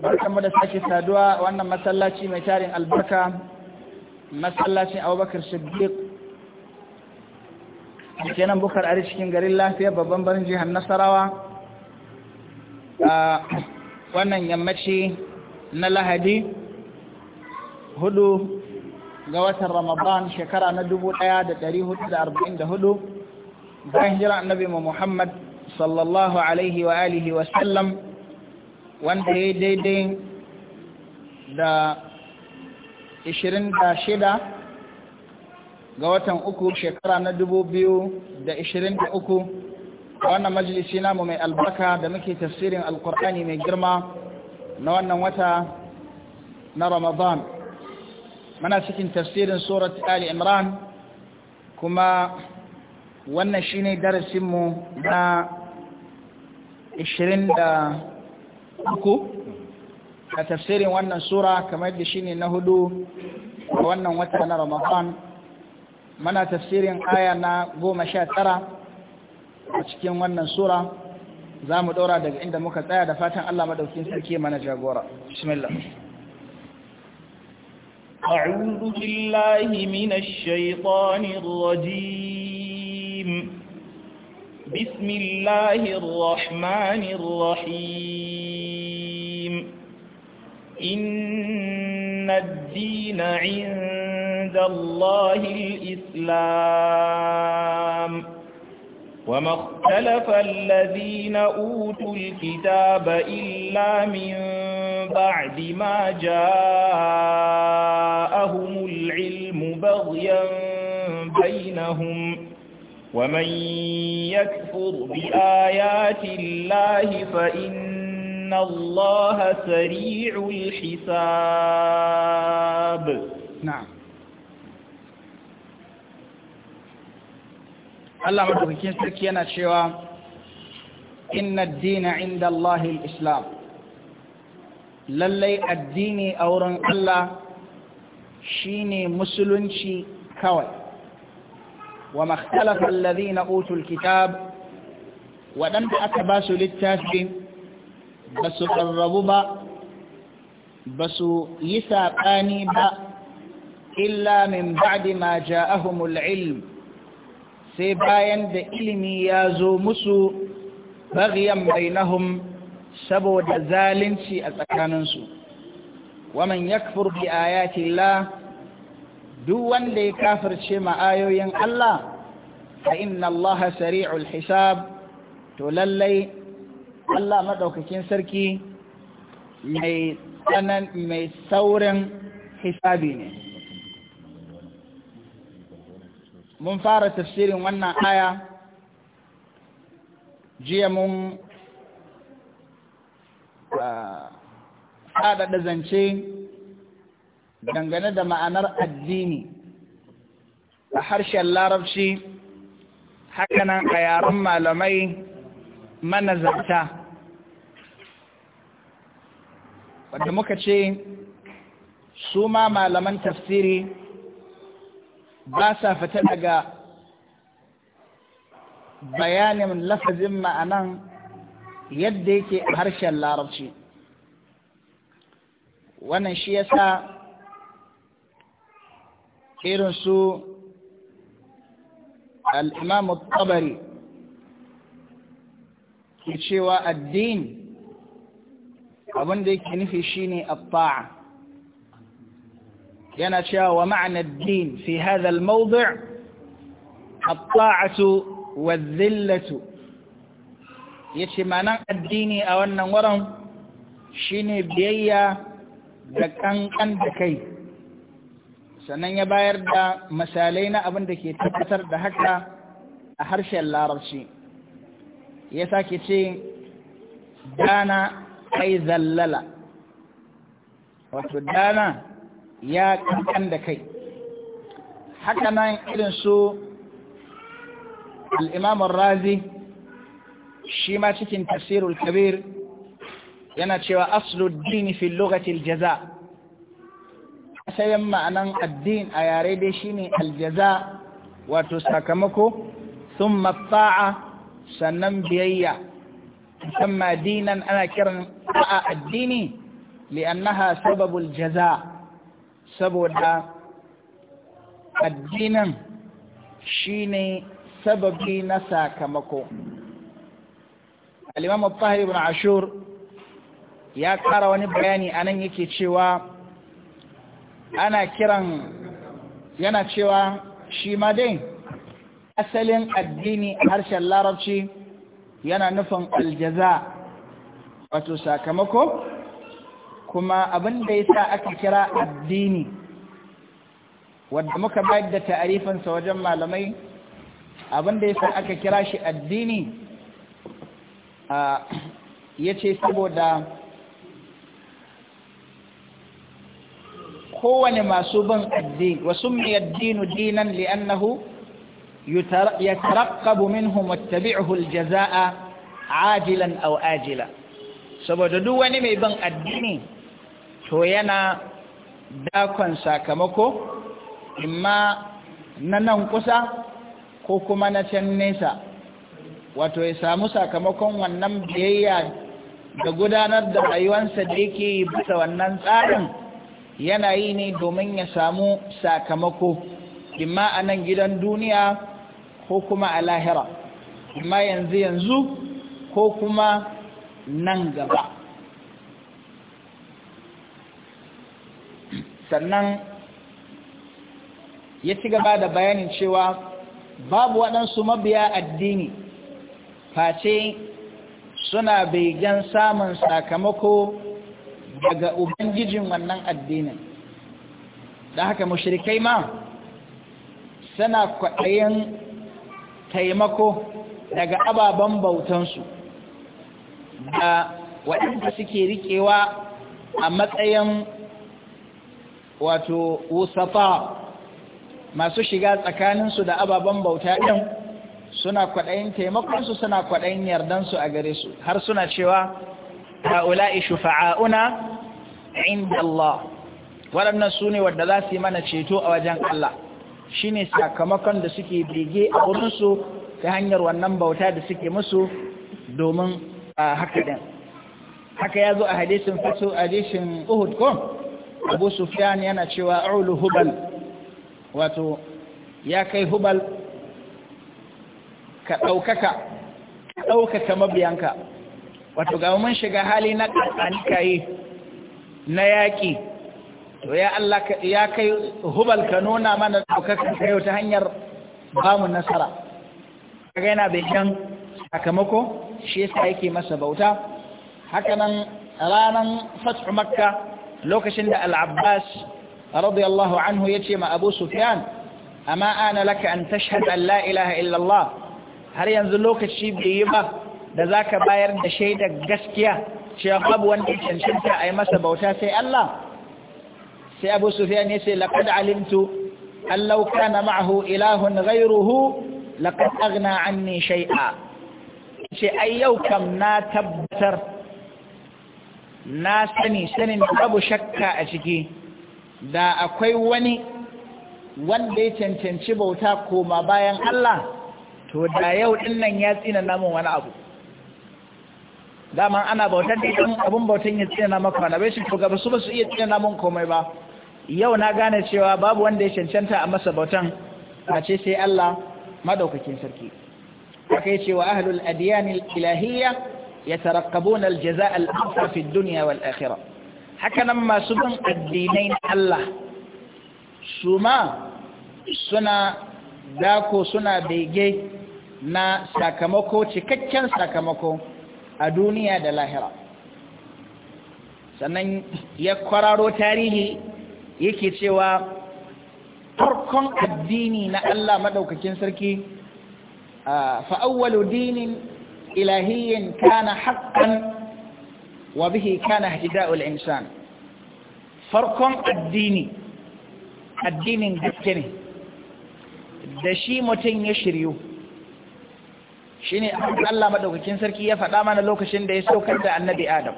barkanmu da sake saduwa wannan masallaci mai tarin albarka masallacin abubakar siddiq da ke nan bukar ari cikin garin lafiya babban barin jihar nasarawa a wannan yammaci na lahadi hudu ga watan ramadan shekara na dubu da da da hudu arba'in hudu, bayan jiran annabi muhammad sallallahu alaihi wa alihi wasallam wanda ya daidai da 26 ga watan uku shekara na 2023 a wannan majalisi namu mai albarka da muke tafsirin alkur'ani mai girma na wannan wata na ramadan mana cikin tafsirin surat ali imran kuma wannan shine darasinmu na da. uku a tafsirin wannan sura kamar da shine na hudu a wannan wata na ramadan mana tafsirin aya na goma sha tara a cikin wannan sura za mu ɗora daga inda muka tsaya da fatan Allah maɗaukin sarki mana jagora bismillah أعوذ بالله من الشيطان الرجيم بسم الله الرحمن إن الدين عند الله الإسلام وما اختلف الذين أوتوا الكتاب إلا من بعد ما جاءهم العلم بغيا بينهم ومن يكفر بآيات الله فإن إن الله سريع الحساب نعم Allah madaukakin sarki yana cewa inna dina inda Allah islam lallai addini a wurin Allah shine musulunci kawai wa makhtalafa alladhina utul kitab waɗanda aka ba su littafi ba su ƙarrabu ba ba su yi saɓani ba illa min ba'di ma ja'ahumul ilm sai bayan da ilimi ya zo musu bagiyan bainahum saboda zalunci a tsakaninsu waman yakfur bi ayati Allah duk wanda ya kafirce ma ayoyin Allah fa inna Allah sari'ul hisab to lallai Allah maɗaukakin sarki mai tsanan mai saurin hisabi ne mun fara tafsirin wannan aya jiya mun faɗaɗa zance dangane da ma'anar addini a harshen larabci hakanan a yaren malamai manazarta wadda muka ce su ma malaman tafsiri ba sa fita daga bayanin lafazin ma'anan yadda yake a harshen larabci wannan shi yasa irin su al'imamu tabari ke cewa addini abin da yake nufi shine at yana cewa wa ma'ana din fi hadal al-mawdi' wa taatu yace manan addini a wannan wurin shine biyayya da kankan da kai sannan ya bayar da misalai na abinda da ke tabbatar da haka a harshen larabci ya sake ce dana kai zallala wato dana ya kankan da kai haka nan irin su al'imamun razi shi ma cikin tasirul kabir yana cewa asluddini fi lokacin jaza asalin ma'anan addin a yare dai shine aljaza wato sakamako sun mafa'a sannan biyayya kan dinan ana kiran a addini li'annaha sababul jaza saboda addinin shine sababi na sakamako al-imam al ibn ashur ya kara wani bayani anan yake cewa ana kiran yana cewa shi ma dai asalin addini harshen larabci yana nufin aljaza wato sakamako kuma abin da ya sa aka kira addini wadda muka bayar da ta'arifinsa wajen malamai abin da ya sa aka kira shi addini ya ce saboda kowane masu bin addini wasu mai addinu dinan li'annahu يترقب منهم واتبعه الجزاء ajilan او اجلا saboda duk wani mai bin addini to yana dakon sakamako imma na nan kusa ko kuma na can nesa wato ya samu sakamakon wannan biyayya da gudanar da rayuwarsa da yake yi bisa wannan tsarin yana yi ne domin ya samu sakamako imma a nan gidan duniya ko kuma a lahira amma yanzu yanzu ko kuma nan gaba sannan ya ci gaba da bayanin cewa babu waɗansu mabiya addini face suna begen samun sakamako daga ubangijin wannan addinin da haka mashirikai ma suna kwaɗayin taimako daga ababen bautansu da waɗanda suke riƙewa a matsayin wato wusafa masu shiga tsakaninsu da ababen bauta ɗin suna kwaɗayin taimakonsu suna kwaɗayin yardansu a gare su har suna cewa ha'ula'i shufa'a'una inda Allah waɗannan su ne wadda za su yi mana ceto a wajen Allah Shi ne sakamakon da suke bege a wurinsu ta hanyar wannan bauta da suke musu domin haka din haka ya zo a hadisin fito a hadisin uhud ko abu sufyan yana cewa a'ulu hubal wato ya kai hubal ka ɗaukaka ɗaukaka mabiyanka wato ga mun shiga hali na ƙasani kayi na yaƙi to ya Allah ya kai hubal ka nuna mana daukakar kayo ta hanyar bamu nasara kaga yana bikin sakamako shi yasa yake masa bauta hakanan ranan fathu makka lokacin da al-abbas radiyallahu anhu yace ma abu sufyan amma ana laka an tashhad an la ilaha illa allah har yanzu lokaci bai yi ba da zaka bayar da shaidar gaskiya cewa babu wanda cancanta a yi masa bauta sai Allah sai abu sufiyan ya ce laqad alimtu an law ma'ahu ilahun ghayruhu laqad aghna anni shay'a ce ai yau kam na tabbatar na sani sanin abu shakka a ciki da akwai wani wanda ya cancanci bauta koma bayan Allah to da yau dinnan ya tsina namun wani abu dama ana bautar da idan abun bautar ya tsina maka na bai shi to gaba su ba su iya tsina namun komai ba yau na gane cewa babu wanda ya cancanta a masa bautan a ce sai Allah madaukakin sarki haka ya ce wa ahlul ilahiyya ya tarakkabuna aljaza al'amfa kafin duniya wal Hakanan masu bin addinai na Allah su ma suna dako suna bege na sakamako cikakken sakamako a duniya da lahira sannan ya kwararo tarihi yake cewa farkon addini na Allah madaukakin sarki fa'awwalu dinin ilahiyyin kana haqqan wa bihi kana ihda'ul insan farkon addini addinin gaske ne da shi mutum ya shiryu shi ne Allah maɗaukakin sarki ya faɗa mana lokacin da ya saukar da annabi Adam.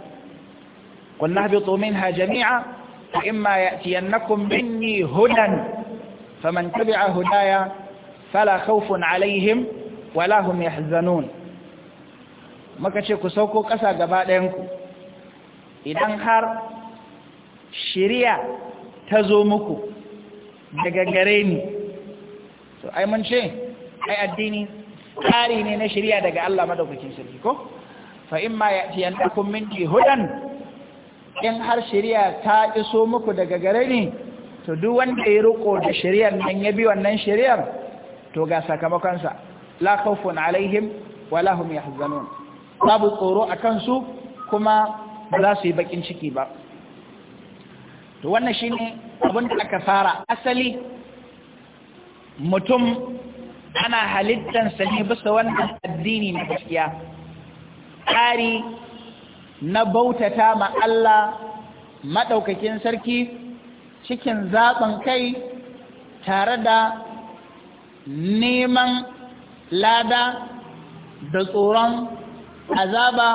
Kunna haɓe tsomin ha jami'a فإما يأتينكم مني هدى فمن تبع هدايا فلا خوف عليهم ولا هم يحزنون maka ce ku sauko ƙasa gaba ɗayanku idan har shiriya ta zo muku daga gare ni to ai mun ce ai addini tsari ne na shiriya daga Allah madaukakin sarki ko fa imma ya'tiyannakum minni hudan in har shari'a ta iso muku daga gare ni to duk wanda ya riko da shari'ar nan ya bi wannan shari'ar to ga sakamakonsa la khawfun alaihim wala hum yahzanun babu tsoro akan su kuma ba za su yi bakin ciki ba to wannan shine abin da aka fara asali mutum ana halittansa ne bisa wannan addini na gaskiya kari na bautata ma Allah maɗaukakin sarki cikin zaɓin kai tare da neman lada da tsoron azaba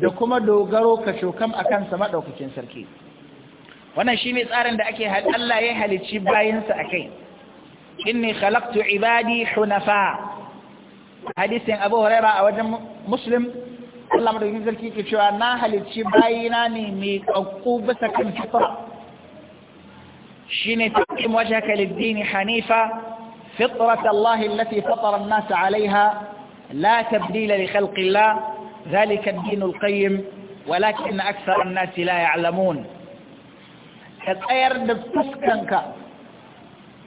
da kuma dogaro ka shokam a kansa maɗaukakin sarki wannan shi ne tsarin da ake Allah ya halicci bayansa a kai inni khalaqtu ibadi hunafa hadisin abu huraira a wajen muslim Allah madaukakin sarki ke cewa na halicci bayina ne mai kakku bisa kan fitra shine taqim wajhaka lid-din hanifa fitrat Allah allati fatara an-nas 'alayha la tabdila li khalqi Allah dhalika ad-din al-qayyim walakin akthar an-nas la ya'lamun ka tsayar da fuskanka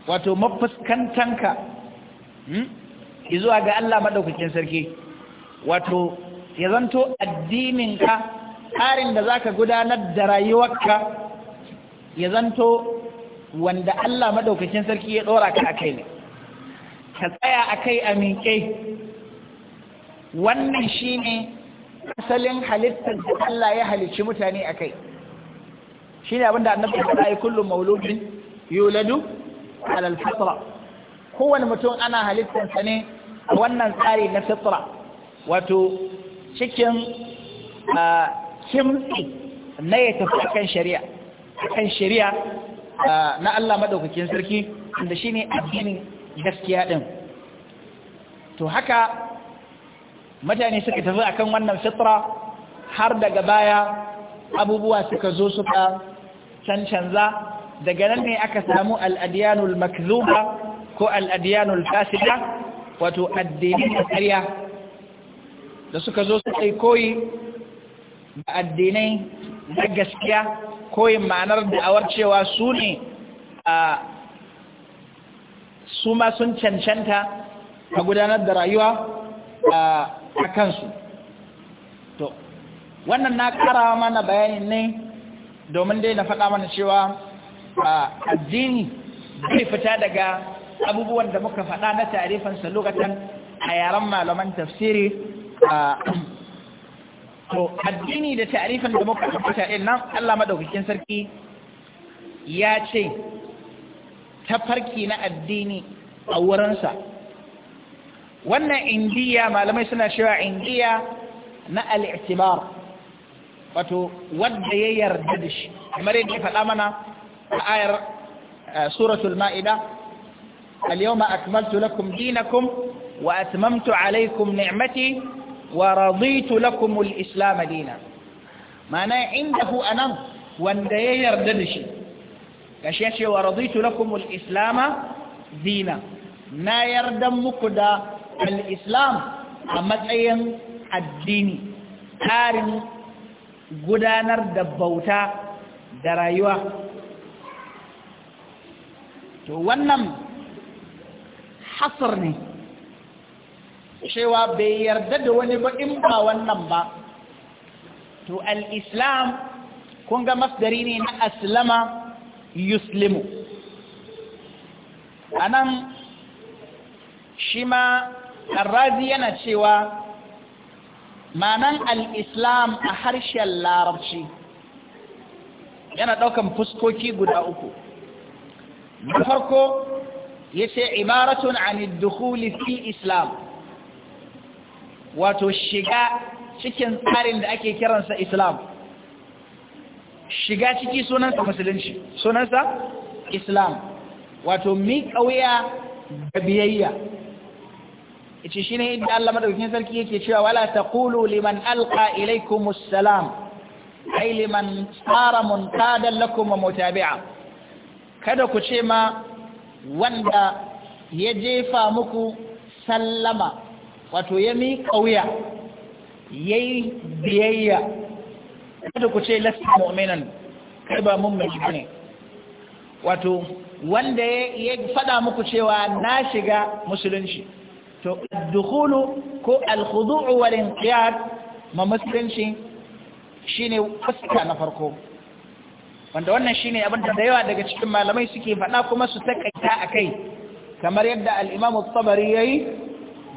wato mafuskantanka izuwa ga Allah madaukakin sarki wato ya zanto addininka tsarin da zaka gudanar da rayuwarka ya zanto wanda Allah madaukakin sarki ya dora ka akai ne ka tsaya akai a miƙe wannan shine asalin halittar da Allah ya halicci mutane akai shine abinda annabi ya faɗa kullu mauludin yuladu ala fitra kowane mutum ana halittarsa ne a wannan tsari na fitra wato cikin kimtsi na ya tafi akan shari'a shari'a na Allah maɗaukakin sarki shi shine addinin gaskiya din to haka mutane suka tafi akan wannan fitra har daga baya abubuwa suka zo suka cancanza daga nan ne aka samu al'adiyanul makzuba ko al'adiyanul fasida wato addinin ƙarya da suka zo su kai koyi da addinai na gaskiya koyin ma'anar da'awar cewa su ne a su ma sun cancanta a gudanar da rayuwa a kansu to wannan na kara mana bayanin ne domin dai na faɗa mana cewa a addini zai fita daga abubuwan da muka faɗa na tarifansa lokacin a yaren malaman tafsiri to addini da tarifin da muka rubuta ɗin nan Allah maɗaukakin sarki ya ce tafarki na addini a wurinsa wannan indiya malamai suna cewa indiya na al'itibar wato wadda ya yarda da shi kamar yadda faɗa mana a ayar suratul ma'ida al-yawma akmaltu lakum dinakum wa atmamtu alaikum ni'mati wa raditu lakum al-islam dinan ma'ana indahu anan wanda ya yarda da shi kashi ya ce wa raditu lakum al-islam dinan na yarda muku da al-islam a matsayin addini tarin gudanar da bauta da rayuwa to wannan hasar ne cewa bai yarda da wani ba in ba wannan ba to al-islam kun ga masdari ne na aslama yuslimu anan shi ma razi yana cewa manan al-islam a harshen larabci yana ɗaukan fuskoki guda uku na farko ya ce imaratun an fi islam wato shiga cikin tsarin da ake kiransa islam shiga ciki sunansa musulunci sunansa islam wato miƙa wuya da biyayya ice shi ne inda da madaukakin sarki yake cewa wala taqulu liman alqa ilaikum salam Ai liman sara muntadan lakum wa mutabi'a kada ku ce ma wanda ya jefa muku sallama wato ya mi kauya yayi biyayya kada ku ce lasta mu'minan kai ba mu'min ne wato wanda ya fada muku cewa na shiga musulunci to dukhulu ko al walin wal ma musulunci shine fuska na farko wanda wannan shine abin da yawa daga cikin malamai suke faɗa kuma su takaita akai kamar yadda al-Imam ya tabari yayi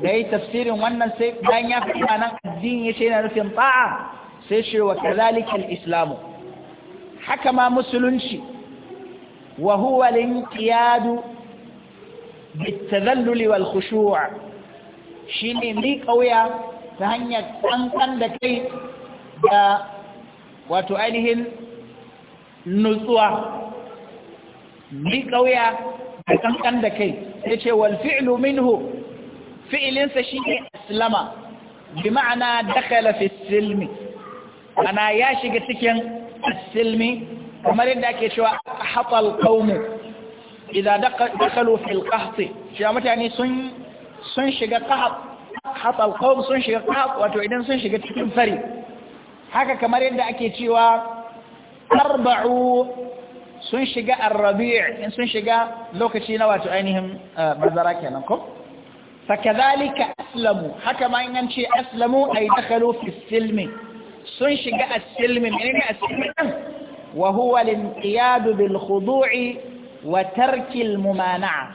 da yi tafsirin wannan sai bayan ya fi nan addini ya ce yana nufin ta'a sai shi wa kazalikal islamu haka ma musulunci wa huwa linkiyadu bitazalluli wal khushu' shine ni kauya ta hanyar kankan da kai da wato ainihin nutsuwa ni kauya ta kankan da kai yace wal fi'lu minhu fi'ilinsa shi ne aslama bi ma'ana dakala fi silmi ana ya shiga cikin silmi kamar yadda ake cewa hatal qaumu idan dakalu fil qahti cewa mutane sun sun shiga qahab hatal sun shiga qahab wato idan sun shiga cikin fari haka kamar yadda ake cewa arba'u sun shiga arrabi' sun shiga lokaci na wato ainihin mazara eh, kenan ko fakazalika aslamu haka ma in ce aslamu ay dakhalu fi silmi sun shiga asilmi silmi menene as-silmi din wa huwa al wa tarki al-mumana'a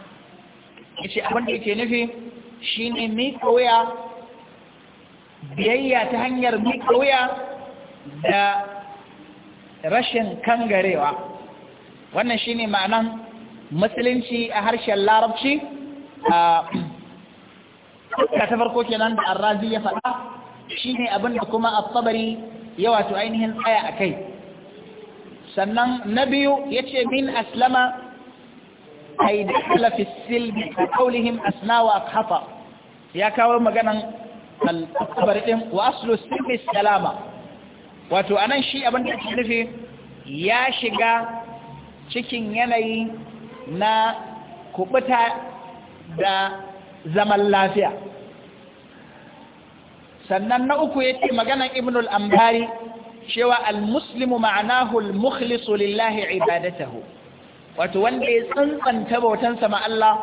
yace abin da yake nufi shine mi biyayya ta hanyar mi koya da rashin kangarewa wannan shine ma'anan musulunci a harshen larabci Ka ta farko kenan da arrazi ya faɗa shine abin da kuma at ya wato ainihin tsaya a kai sannan na biyu yace min aslama ay dakhala ya kawo maganan al-tabari wa aslu salama wato anan shi abin da nufi ya shiga cikin yanayi na kubuta da zaman lafiya sannan na uku ya ce maganan ibnul ambari cewa muslimu ma'anahu mukhlisu lillahi ibadatahu wato wanda ya tsantsanta bautansa ma Allah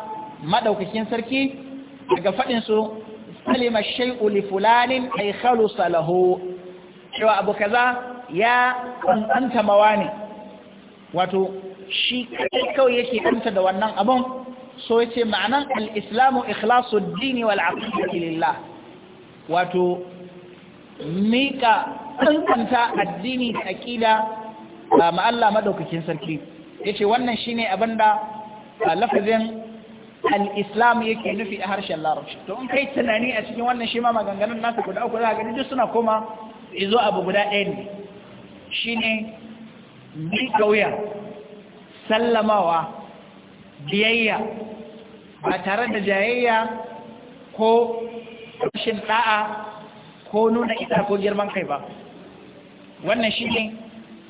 madaukakin sarki daga faɗin su salima shay'u li fulanin ay khalusa lahu cewa abu kaza ya tsantsanta mawani wato shi kai kawai yake tsanta da wannan abun so yace ma'anan al-islamu ikhlasu ad wal aqidati lillah wato mika kankanta addini da aqida ma Allah madaukakin sarki yace wannan shine abinda lafazin al-islam yake nufi a harshen larabci to in kai tunani a cikin wannan shi ma maganganun nasa guda uku za ka duk suna koma izo abu guda ɗaya ne shine mika wuya sallamawa biyayya ba tare da jayayya ko rashin da'a ko nuna ita ko girman kai ba wannan shi ne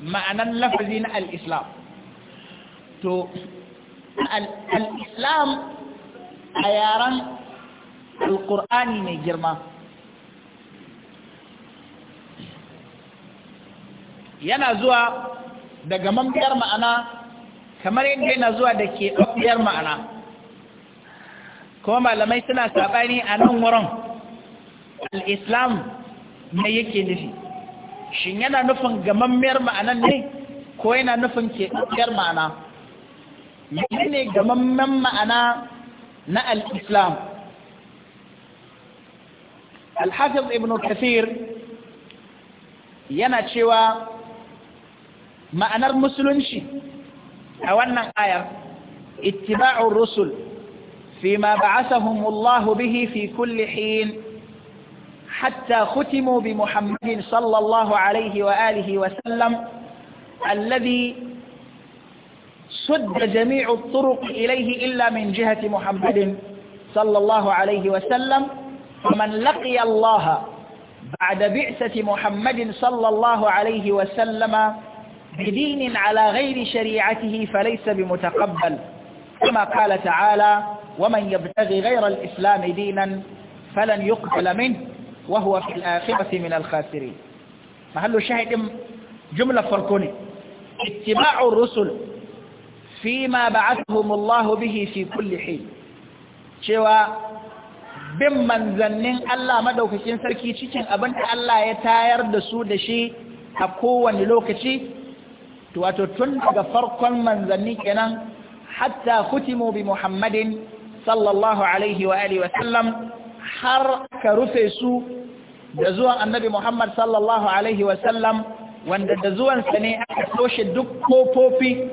ma'anan lafazi na al'islam to al'islam a yaren Alƙur'ani mai girma yana zuwa daga mambiyar ma'ana kamar yadda yana zuwa da ke ma'ana kuma malamai suna saɓani a nan wurin al'islam ne yake nufi shin yana nufin gamammiyar ma'anan ne ko yana nufin keɓaɓɓiyar ma'ana mene ne gamammen ma'ana na al'islam alhafiz ibn kafir yana cewa ma'anar musulunci a wannan ayar ittiba'ur rusul فيما بعثهم الله به في كل حين حتى ختموا بمحمد صلى الله عليه وآله وسلم الذي سد جميع الطرق إليه إلا من جهة محمد صلى الله عليه وسلم فمن لقي الله بعد بعثة محمد صلى الله عليه وسلم بدين على غير شريعته فليس بمتقبل كما قال تعالى ومن يبتغي غير الإسلام دينا فلن يقبل منه وهو في الآخرة من الخاسرين محل الشاهد جملة فركوني اتباع الرسل فيما بعثهم الله به في كل حين شوى bin manzannin Allah madaukakin sarki cikin abin da Allah ya tayar da su da shi a kowane lokaci wato tun daga farkon manzanni kenan hatta kutimu bi Muhammadin sallallahu alaihi wa alihi wa sallam har ka rufe su da zuwan annabi Muhammad sallallahu alaihi wa sallam wanda da zuwansa ne aka toshe duk kofofi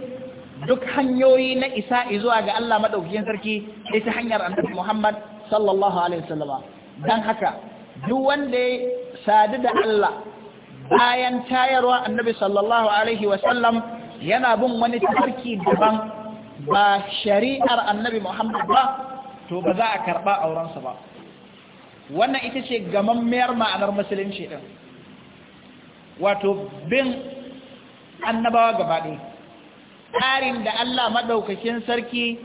duk hanyoyi na isa zuwa ga Allah madaukakin sarki sai ta hanyar annabi Muhammad sallallahu alaihi wa sallama dan haka duk wanda ya sadu da Allah bayan tayarwa annabi sallallahu alaihi wa sallam yana bin wani tafarki daban ba shari'ar annabi Muhammad ba to ba za a karɓa aurensa ba wannan ita ce gamammiyar ma'anar musulunci ɗin wato bin annabawa gabaɗe tsarin da Allah maɗaukakin sarki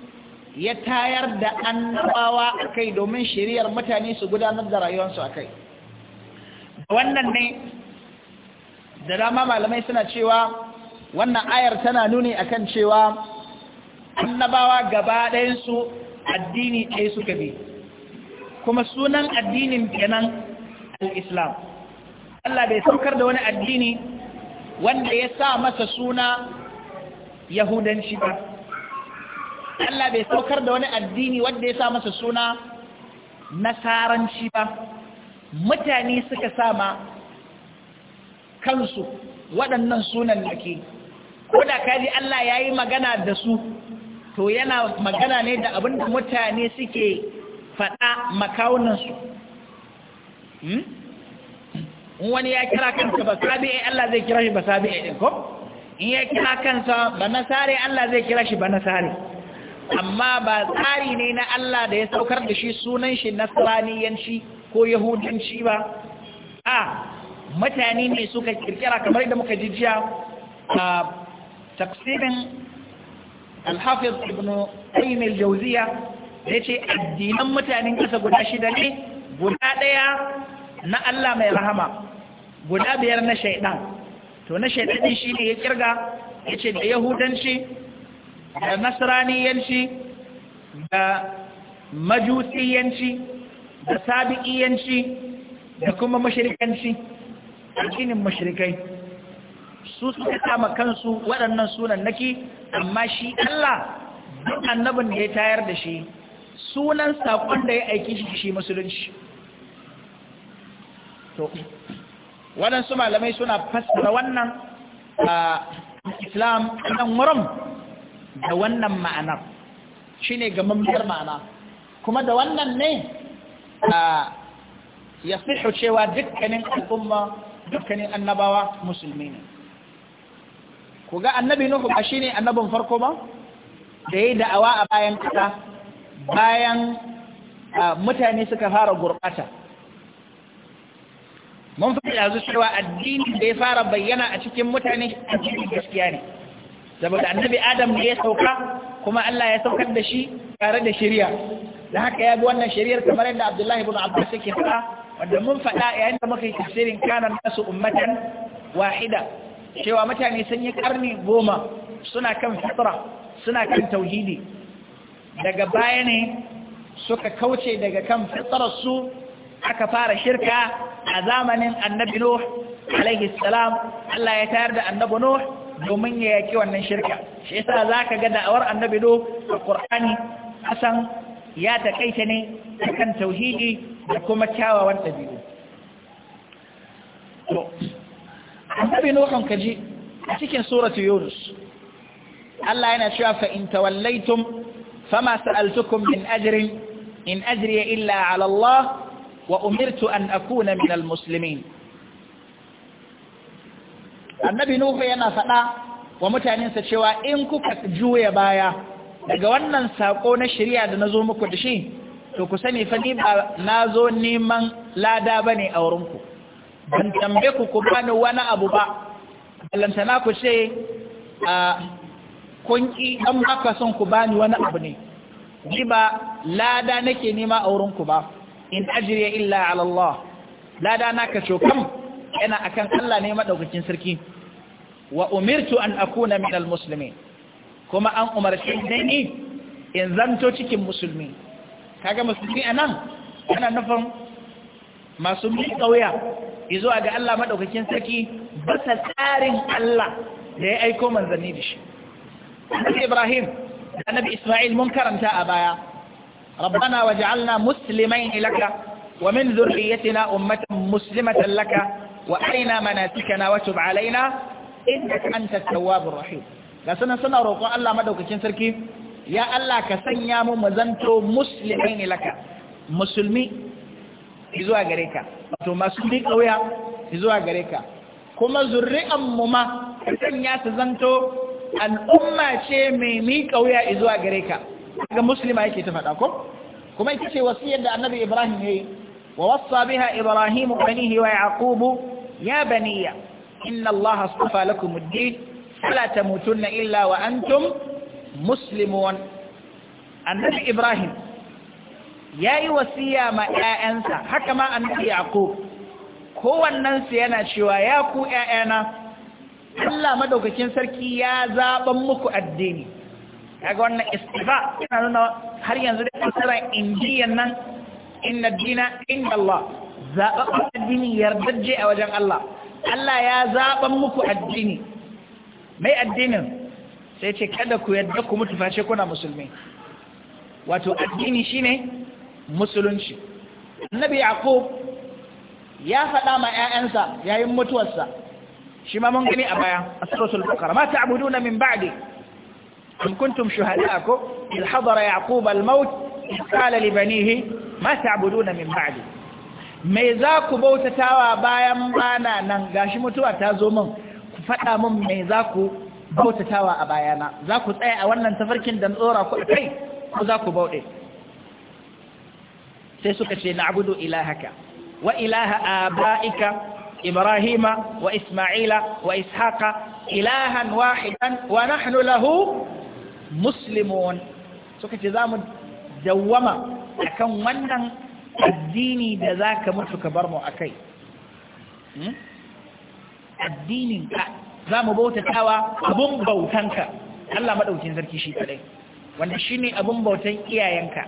ya tayar da annabawa a kai domin shiriyar mutane su gudanar da rayuwarsu a kai wannan ne da dama malamai suna cewa wannan ayar tana nuni akan cewa annabawa gaba ɗayansu addini ɗaya suka bi kuma sunan addinin kenan al-islam Allah bai saukar da wani addini wanda ya sa masa suna yahudanci ba Allah bai saukar da wani addini wanda ya sa masa suna nasaranci ba mutane suka sama kansu waɗannan sunan da ke ko da kaji Allah ya yi magana da su to yana magana ne da abin da mutane suke faɗa makaunansu. Hmm? in wani ya kira kansa ba sabi'ai Allah zai kira shi ba sabi'ai ɗin ko in ya kira kansa ba nasare Allah zai kira shi ba nasare amma ba tsari ne na Allah da ya saukar da shi sunan shi nasraniyanci ko yahudanci ba a mutane ne suka kirkira kamar da muka jijiya a tafsirin alhafiz ibn qayyim al-jawziya ya ce addinan mutanen ƙasa guda shida ne guda ɗaya na Allah mai rahama guda biyar na shaidan to na shaidan shi ne ya kirga ya ce da yahudanci da nasraniyanci da majusiyanci da sabi'iyanci da kuma mashirikanci addinin mashirikai su suka kama kansu waɗannan sunan naki amma shi Allah duk annabin da ya tayar da shi sunan saƙon da ya aiki shi shi musulunci to waɗansu malamai suna fassara wannan islam ɗan wurin da wannan ma'anar shine ne gamammiyar ma'ana kuma da wannan ne ya fi cewa dukkanin al'umma dukkanin annabawa musulmi ne ku ga annabi nuhu ba shine annabin farko ba da yayi da'awa a bayan kasa bayan mutane suka fara gurbata mun faɗi yanzu cewa addini da ya fara bayyana a cikin mutane addini gaskiya ne saboda annabi adam ne ya sauka kuma Allah ya saukar da shi tare da shari'a da haka ya bi wannan shari'ar kamar yadda Abdullahi ibn Abbas yake faɗa wanda mun faɗa yayin da muka yi tafsirin kana nasu ummatan wahida cewa mutane sun yi karni goma suna kan fitra suna kan tauhidi daga baya ne suka kauce daga kan fitrarsu aka fara shirka a zamanin annabi Nuh alaihi salam Allah ya tayar da annabi Nuh domin ya yaki wannan shirka shi yasa zaka ga da'awar annabi Nuh a Qur'ani hasan ya takaita ne akan tauhidi da kuma kyawawan dabi'u annabi nuhun kaji a cikin suratu yunus Allah yana cewa fa in tawallaitum fama sa'altukum min ajrin in ajriya illa ala Allah wa umirtu an akuna min almuslimin annabi nuhu yana faɗa wa mutanensa cewa in kuka juya baya daga wannan sako na shirya da nazo muku da shi to ku sani fa ni ba nazo neman lada bane a wurinku ban tambe ku ku bani wani abu ba ballantana ku ce a kunki an maka son ku bani wani abu ne ni ba lada nake nema a wurin ku ba in ajiye illa alallah lada na ka cokam yana akan Allah ne madaukakin sarki wa umirtu an akuna min almuslimin kuma an umarci ni in zanto cikin musulmi kaga musulmi anan yana nufin masu miƙa wuya izuwa ga Allah maɗaukakin sarki bisa tsarin Allah da ya aiko manzanni da shi Annabi Ibrahim da Annabi Isma'il mun karanta a baya Rabbana waj'alna muslimain laka wa min dhurriyyatina ummatan muslimatan laka wa aina manasikana wa tub alaina innaka antat tawwabur rahim ga sanan suna roƙon Allah maɗaukakin sarki ya Allah ka sanya mu mu zanto muslimain laka musulmi zuwa gare ka wato masu miƙa wuya zuwa gare ka kuma zurri'an mu ma ya ta zanto al'umma ce mai miƙa wuya zuwa gare ka ga muslima yake ta fada ko kuma ita ce wasiyar da annabi ibrahim yayi wa wasa biha ibrahim banihi wa yaqubu ya baniya inna allah astafa lakum ad-din fala tamutunna illa wa antum muslimun annabi ibrahim ya yi wasiya ma ‘ya'yansa haka ma Ko wannan kowannensu yana cewa ya ku ‘ya'yana Allah madaukakin sarki ya zaɓan muku addini ga wannan istifa yana nuna har yanzu da kasaran indiyan nan inna dina inda Allah zaɓaɓɓen addini yardajje a wajen Allah Allah ya zaɓan muku addini mai addinin sai ce kada ku yadda ku mutu fashe kuna musulmi wato addini shine musulunci annabi yaqub ya faɗa ma ƴaƴansa yayin mutuwarsa shi ma mun gani a baya a suratul ma ta'buduna min ba'di in kuntum shuhada'a ko il hadara yaqub al maut qala li banihi ma ta'buduna min ba'di me za ku bautatawa bayan bana nan gashi mutuwa ta zo min ku faɗa min me za ku bautatawa a bayana za ku tsaya a wannan tafarkin da tsora ku kai ko za ku bauɗe sai suka ce na'budu ilahaka wa ilaha abaika ibrahima wa isma'ila wa ishaqa ilahan wahidan wa nahnu lahu muslimun suka ce zamu dawwama akan wannan addini da zaka mutu ka bar mu akai hmm? addinin ka zamu bauta tawa abun bautanka Allah madaukin sarki shi kadai wanda shine abun bautan iyayenka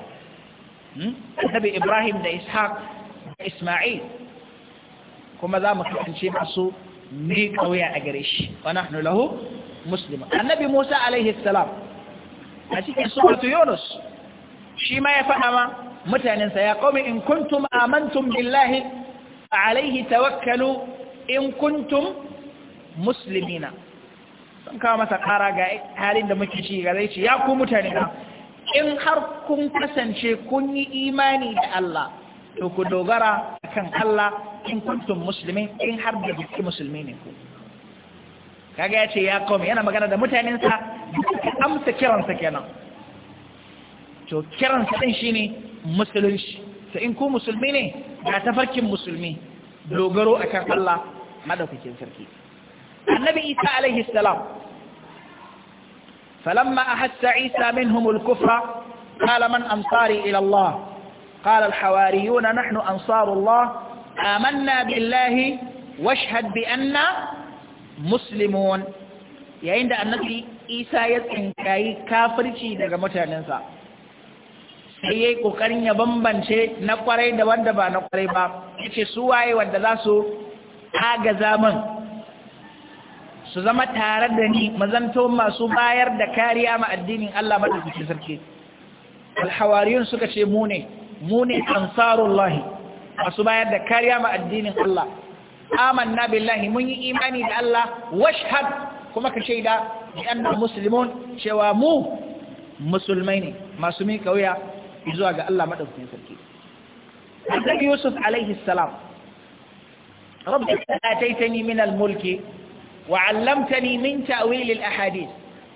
Hmm? annabi ibrahim da ishaq da isma'il kuma za mu kasance masu ni kauya a gare shi wa nahnu lahu muslimun annabi musa alaihi salam a cikin suratu yunus shi ma ya faɗa ma mutanensa ya qaumi in kuntum amantum billahi alaihi tawakkalu in kuntum muslimina sun kawo masa ƙara ga halin da muke ci ga zai ce ya ku mutane in har kun kasance kun yi imani da Allah to ku dogara kan Allah in kuntum musulmi in har da biki musulmi ne ku kaga ya ce ya kome yana magana da mutanensa da amsa kiransa kenan to kiransa din shine musulunci to in ku musulmi ne ga tafarkin musulmi dogaro akan Allah madaukakin sarki annabi isa alaihi salam فلما أحس عيسى منهم الكفر قال من أنصاري إلى الله قال الحواريون نحن أنصار الله آمنا بالله واشهد بأننا مسلمون yayin da annabi Isa ya tsinkayi kafirci daga mutanensa sai yayi kokarin ya bambance na kwarai da wanda ba na kwarai ba yace su waye wanda za su haga zaman. su zama tare da ni mazanto masu bayar da kariya ma addinin Allah madaukakin sarki alhawariyun suka ce mu ne mu ne ansarullahi masu bayar da kariya ma addinin Allah amanna billahi mun yi imani da Allah washhad kuma ka shaida bi anna muslimun cewa mu musulmai ne masu mi kauya zuwa ga Allah madaukakin sarki Annabi Yusuf alaihi salam رب min al mulki. وعلمتني من تأويل الأحاديث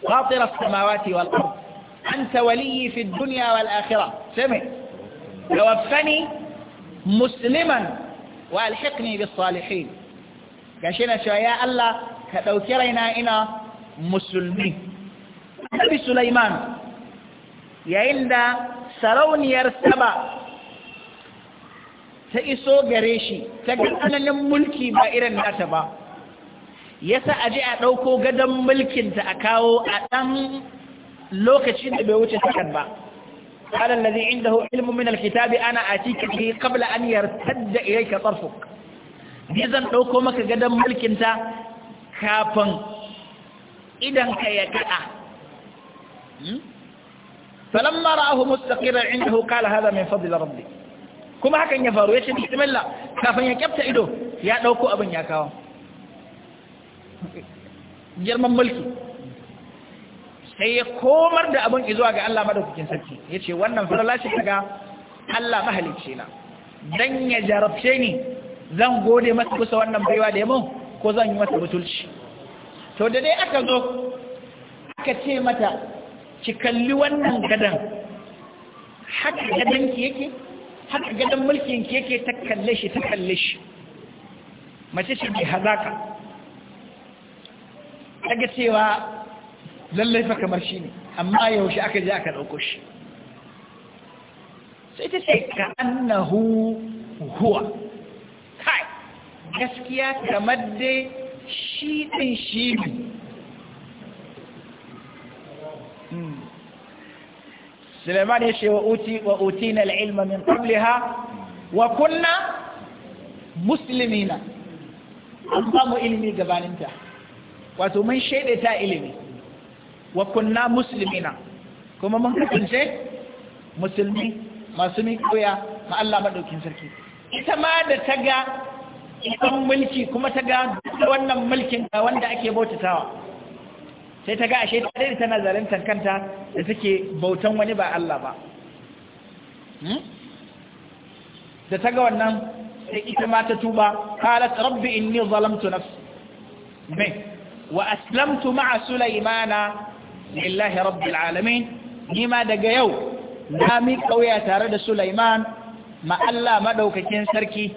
فاطر السماوات والأرض أنت ولي في الدنيا والآخرة سمع توفني مسلما وألحقني بالصالحين قاشنا شو يا الله كتوكرنا إنا مسلمين نبي سليمان يعند سروني يرسبا تئسو قريشي تقل أنا ta ganin mulki ba Ya a je a ɗauko gadon mulkinta a kawo a ɗan lokacin da bai wuce sakan ba قال الذي عنده علم من الكتاب أنا أتيك به قبل أن يرتد إليك طرفك gizan ɗauko maka gadon mulkinta kafin idanka ya kaɗa falamma ra'ahu mustaqiran indahu qala hadha min fadli rabbi kuma hakan ya faru yace bismillah kafin ya kyafta ido ya ɗauko abin ya kawo girman mulki sai ya komar da abin izuwa ga Allah madaukakin sarki ya ce wannan farla ce daga Allah mahalicci na dan ya jarabce ni zan gode masa kusa wannan baiwa da yamo ko zan yi masa butulci to da dai aka zo aka ce mata ki kalli wannan gadan haka ki yake haka gadan mulkinki yake ta kalle shi ta shi mace ce hazaka ga cewa lallai fa kamar shi ne amma yaushe aka je aka ɗauko shi sai ta ce ka annahu huwa kai gaskiya kamar dai shi ɗin shi ne hmm. Suleiman ya ce wa uti wa uti na al'ilma min qabliha wa kunna musulmina an samu ilimi gabaninta wato mun shaida ta ilimi wa kunna muslimina kuma mun kasance musulmi masu koya ma Allah madaukin sarki ita ma da ta ga ikon mulki kuma ta ga wannan mulkin ga wanda ake bautatawa sai ta ga ashe ta dai tana zaluntar kanta da take bautan wani ba Allah ba hmm? da ta ga wannan sai ita ma ta tuba qalat rabbi inni zalamtu nafsi me. wa aslamtu ma'a sulaimana lillahi rabbil alamin ni daga yau na mi kauya tare da sulaiman ma Allah madaukakin sarki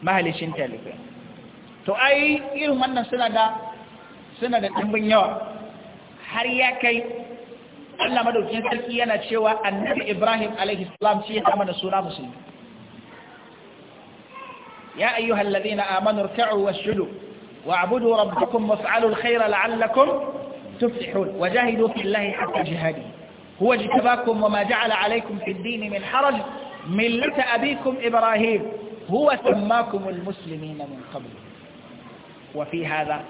mahalicin talibai to ai irin wannan suna da suna yawa har ya kai Allah madaukakin sarki yana cewa annabi Ibrahim alaihi salam shi ya mana suna musulmi ya ayyuhal ladina amanu irka'u wasjudu واعبدوا ربكم وافعلوا الخير لعلكم تفلحون وجاهدوا في الله حتى جهاده هو اجتباكم وما جعل عليكم في الدين من حرج ملة أبيكم إبراهيم هو سماكم المسلمين من قبل وفي هذا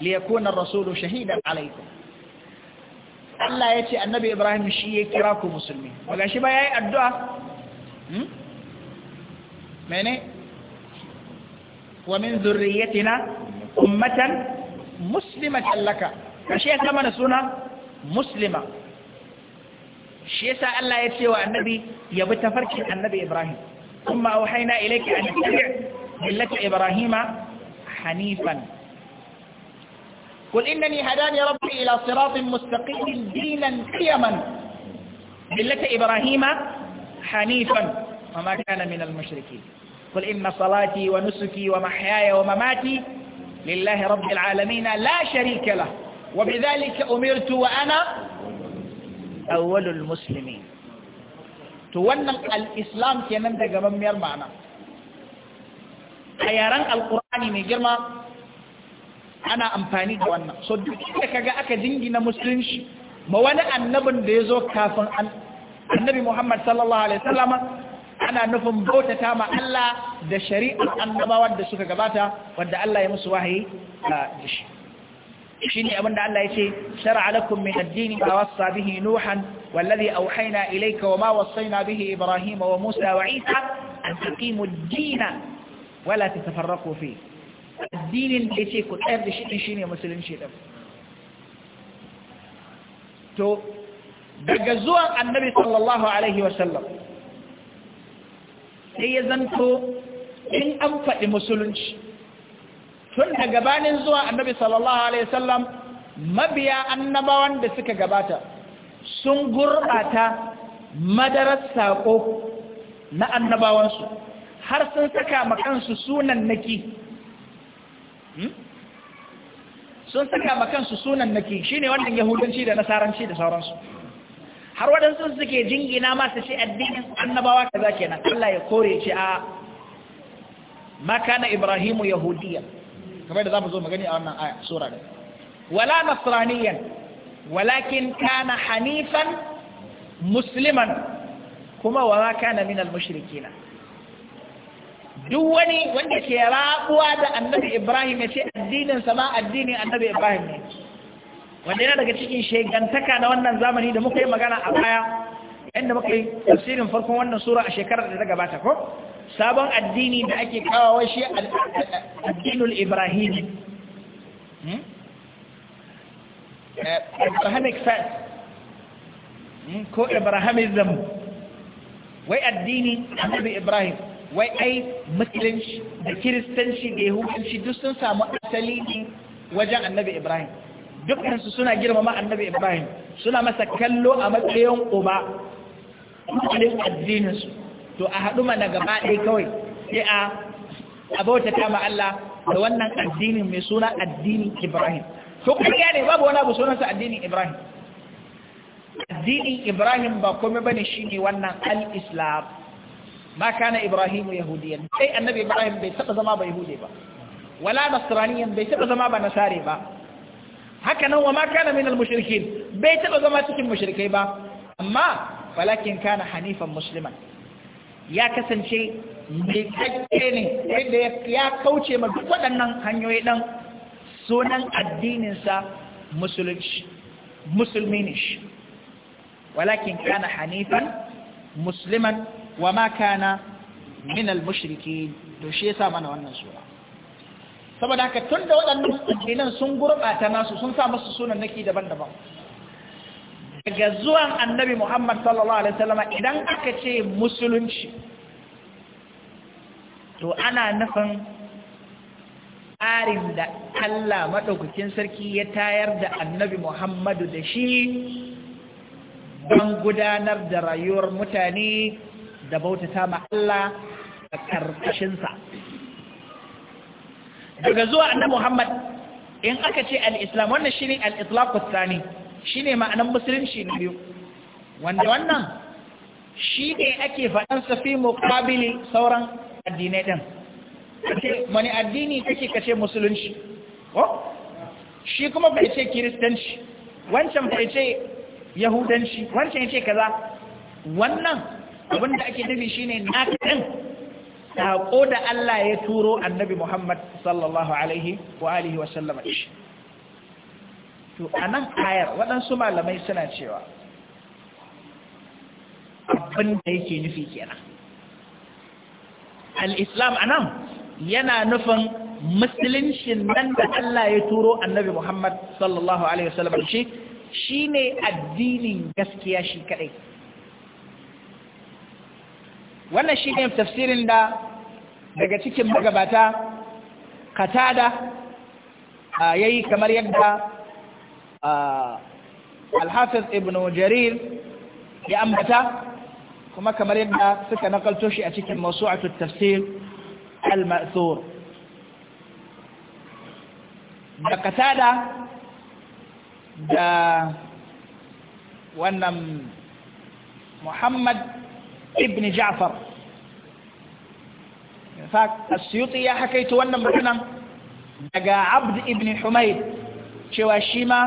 ليكون الرسول شهيدا عليكم ألا يأتي النبي إبراهيم الشيء كراكم مسلمين وقال شبا musulmi, ba ماني ومن ذريتنا أمة مسلمة لك فشيء كما نسونا مسلمة شيء سأل الله يتسوى النبي يبتفرك النبي إبراهيم ثم أوحينا إليك أن تتبع ملة إبراهيم حنيفا قل إنني هداني ربي إلى صراط مستقيم دينا قيما ملة إبراهيم حنيفا وما كان من المشركين قل إن صلاتي ونسكي ومحياي ومماتي لله رب العالمين لا شريك له وبذلك أمرت وأنا أول المسلمين تونق الإسلام كمن ده قبم يرمعنا خياران القرآن من جرمى أنا أمفاني جوانا صدقينك أكا دينجنا مسلمش موانا أن نبن ديزو كافن النبي محمد صلى الله عليه وسلم ana nufin bautata ma Allah da shari'ar annabawan da suka gabata wanda Allah ya musu wahayi a dishi shine abinda Allah ya ce shar'a lakum min ad-din ma wassa bihi nuhan wallazi awhayna ilayka wama wassayna bihi ibrahima wa musa wa isa an taqimu ad-din wala tatafarraqu fi addinin da yace ku tsayar da shi shine musulunci din to daga zuwan annabi sallallahu alaihi wa sallam. sai ya zanto in an faɗi musulunci tun da gabanin zuwa annabi sallallahu alaihi wasallam mabiya annabawan da suka gabata sun gurɓata madarar saƙo na annabawansu har sun saka ma kansu sunan naki hmm? sun saka ma kansu sunan naki shine wannan yahudanci da nasaranci da sauransu har waɗansu suke jingina masu ce addinin annabawa kaza kenan Allah ya kore ce a makana ibrahimu yahudiya kamar da za mu zo magani a wannan aya sura da wala nasraniyan walakin kana hanifan musliman kuma wala kana min mushrikina duk wani wanda ke rabuwa da annabi ibrahim ya ce addinin ma addinin annabi ibrahim ne wanda yana daga cikin shegantaka na wannan zamani da muka yi magana a baya inda muka yi tafsirin farkon wannan sura a shekarar da ta gabata ko sabon addini da ake kawo shi addinul Ibrahim? Hmm? Eh, abrahamic faith hmm? ko ibrahimism wai addini annabi ibrahim wai ai musulunci da kiristanci da yahudanci duk sun samu asali ne wajen annabi ibrahim dukansu suna girmama annabi ibrahim suna masa kallo a matsayin uba matsayin addininsu to a haɗu mana gaba ɗaya kawai sai a abauta ta ma Allah da wannan addinin mai suna addinin ibrahim to kariya ne babu wani abu sunansa addinin ibrahim addinin ibrahim ba komai bane shine wannan al-islam ma kana ibrahim yahudiyan sai annabi ibrahim bai taɓa zama ba yahudi ba wala nasraniyan bai taɓa zama ba nasare ba haka nan wa ma kana min al-mushrikin bai taba zama cikin mushrikai ba amma walakin kana hanifan musliman ya kasance mai tsakke ne yadda ya kauce ma duk waɗannan hanyoyi ɗan sunan addininsa musulminish walakin kana hanifan musliman wa ma kana min al-mushriki to shi yasa mana wannan sura saboda haka tun da waɗannan addinan sun gurɓata nasu sun sa masu sunan naki daban-daban daga zuwan annabi muhammad sallallahu alaihi wasallama idan aka ce musulunci to ana nufin tsarin da allah maɗaukakin sarki ya tayar da annabi muhammadu da shi don gudanar da rayuwar mutane da bautata ma allah a ƙarƙashinsa daga zuwa annabi Muhammad in aka ce Al'islam, islam wannan shine al-itlaq al-thani shine ma'anar musulunci na biyu wanda wannan shi ne ake faɗan sa fi sauran addinai din kace wani addini kake kace musulunci shi kuma bai ce kiristanci wancan bai ce yahudanci wancan ya ce kaza wannan abinda ake nufi shine naka din saƙo da Allah ya turo annabi Muhammad sallallahu alaihi wa alihi wa sallama shi to a anan ayar waɗansu malamai suna cewa abin da yake nufi kenan al-islam anan yana nufin musuluncin nan da Allah ya turo annabi Muhammad sallallahu alaihi wa sallama shi ne addinin gaskiya shi kadai wannan shi ne tafsirin da daga cikin magabata katada ya yayi kamar yadda alhafiz ibn jarir ya ambata kuma kamar yadda suka nakalto shi a cikin masu'atu tafsir al-ma'thur da katada da wannan muhammad ibn ja'far in fact asyuti ya hakaito wannan maganan daga abd ibn humayd cewa shi ma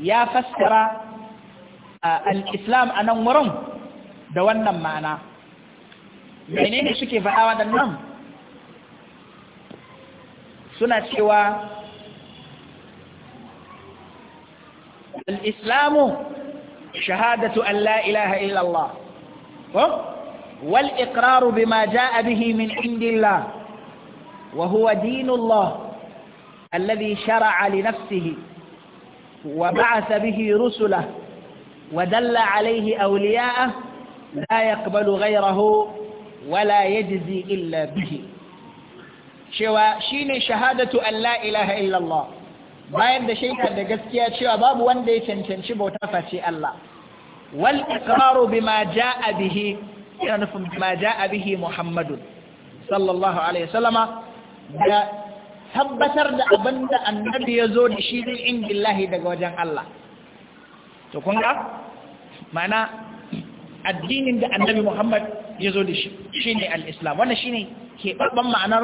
ya fassara al-islam a nan wurin da wannan ma'ana menene suke faɗa waɗannan suna cewa al-islamu shahadatu an la ilaha illallah wal iqraru bima jaa bihi min indillah wa huwa dinullah الذي شرع لنفسه وبعث به رسله ودل عليه أولياءه لا يقبل غيره ولا يجزي إلا به cewa shine shahadatu allah la ilaha illallah bayan da shaida da gaskiya cewa babu wanda ya cancanci bauta face Allah wal iqraru bima jaa jaa bihi muhammadun sallallahu alaihi wasallama da tabbatar da abinda annabi ya zo da shi din indillahi daga wajen Allah to kun ga mana addinin da annabi muhammad ya zo da shi al-islam wannan shine keɓaɓɓen ma'anar